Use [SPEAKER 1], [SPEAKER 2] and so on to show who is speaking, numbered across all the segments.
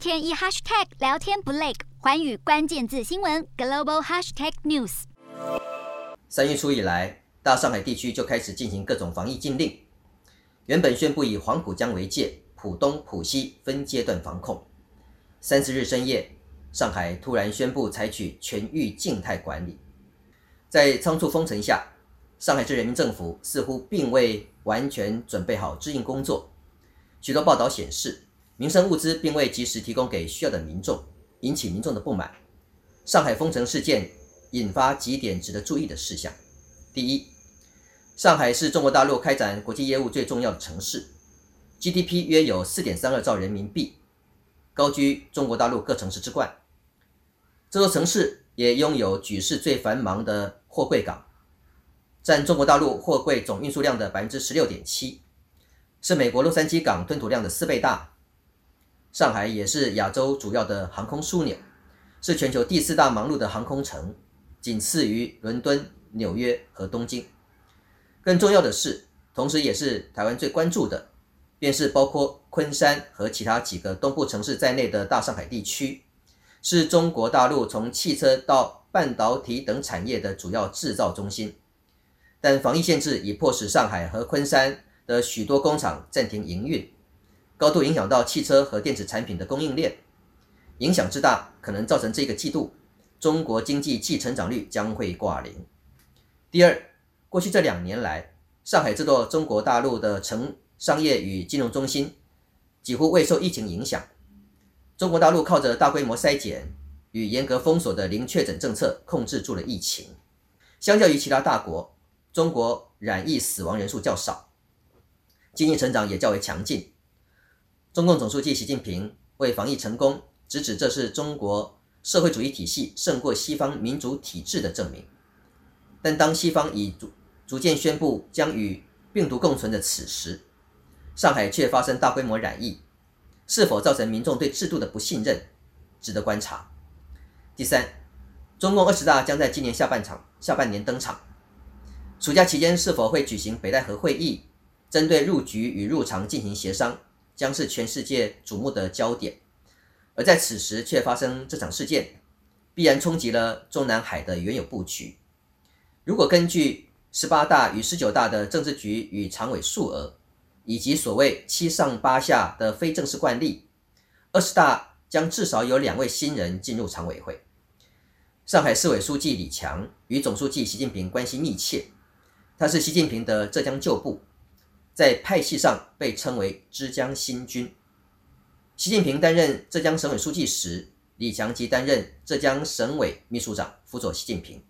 [SPEAKER 1] 天一聊天不累，寰宇關鍵字新聞 #Global##Hashtag News。三月初以來，大上海地區就開始進行各種防疫禁令。原本宣布以黃浦江為界，浦東、浦西分階段防控。三十日深夜，上海突然宣布採取全域靜態管理。在倉促封城下，上海市人民政府似乎並未完全準備好對應工作。許多報道顯示，民生物資並未及時提供給需要的民眾，引起民眾的不滿。上海封城事件引發幾點值得注意的事項：第一，上海是中國大陸開展國際業務最重要的城市，GDP 約有四點三二兆人民幣，高居中國大陸各城市之冠。這座城市也擁有舉世最繁忙的貨櫃港，佔中國大陸貨櫃總運輸量的百分之十六點七，是美國洛杉磯港吞吐量的四倍大。上海也是亞洲主要的航空樞紐，是全球第四大忙碌的航空城，僅次於倫敦、紐約和東京。更重要的是，同時也是台灣最關注的，便是包括昆山和其他幾個東部城市在內的大上海地區，是中國大陸從汽車到半導體等產業的主要製造中心。但防疫限制已迫使上海和昆山的許多工廠暫停營運。高度影響到汽車和電子產品的供應鏈，影響之大，可能造成這個季度中國經濟季成長率將會掛零。第二，過去這兩年來，上海這座中國大陸的城商業與金融中心，幾乎未受疫情影響。中國大陸靠着大規模篩檢與嚴格封鎖的零確診政策，控制住了疫情。相較於其他大國，中國染疫死亡人數較少，經濟成長也較為強勁。中共總書記習近平為防疫成功，直指這是中國社會主義體系勝過西方民主體制的證明。但當西方已逐逐漸宣布將與病毒共存的此時，上海卻發生大規模染疫，是否造成民眾對制度的不信任，值得觀察。第三，中共二十大將在今年下半場下半年登場，暑假期間是否會舉行北戴河會議，針對入局與入常進行協商？將是全世界矚目的焦點，而在此時卻發生這場事件，必然衝擊了中南海的原有布局。如果根據十八大與十九大的政治局與常委數額，以及所謂七上八下的非正式慣例，二十大將至少有兩位新人進入常委會。上海市委書記李強與總書記習近平關係密切，他是習近平的浙江舊部。在派系上被稱為“之江新軍”。習近平擔任浙江省委書記時，李強即擔任浙江省委秘書長，輔佐習近平。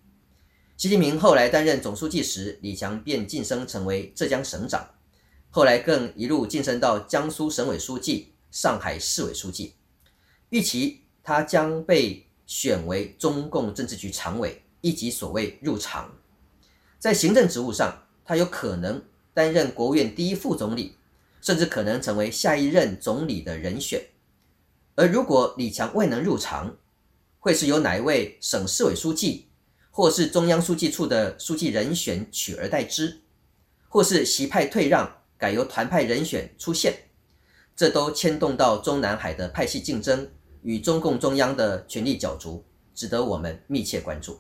[SPEAKER 1] 習近平後來擔任總書記時，李強便晉升成為浙江省長，後來更一路晉升到江蘇省委書記、上海市委書記。預期他將被選為中共政治局常委，以及所謂入常。在行政職務上，他有可能。擔任國務院第一副總理，甚至可能成為下一任總理的人選。而如果李強未能入常，會是由哪一位省市委書記，或是中央書記處的書記人選取而代之，或是習派退讓，改由團派人選出現，這都牽動到中南海的派系競爭與中共中央的權力角逐，值得我們密切關注。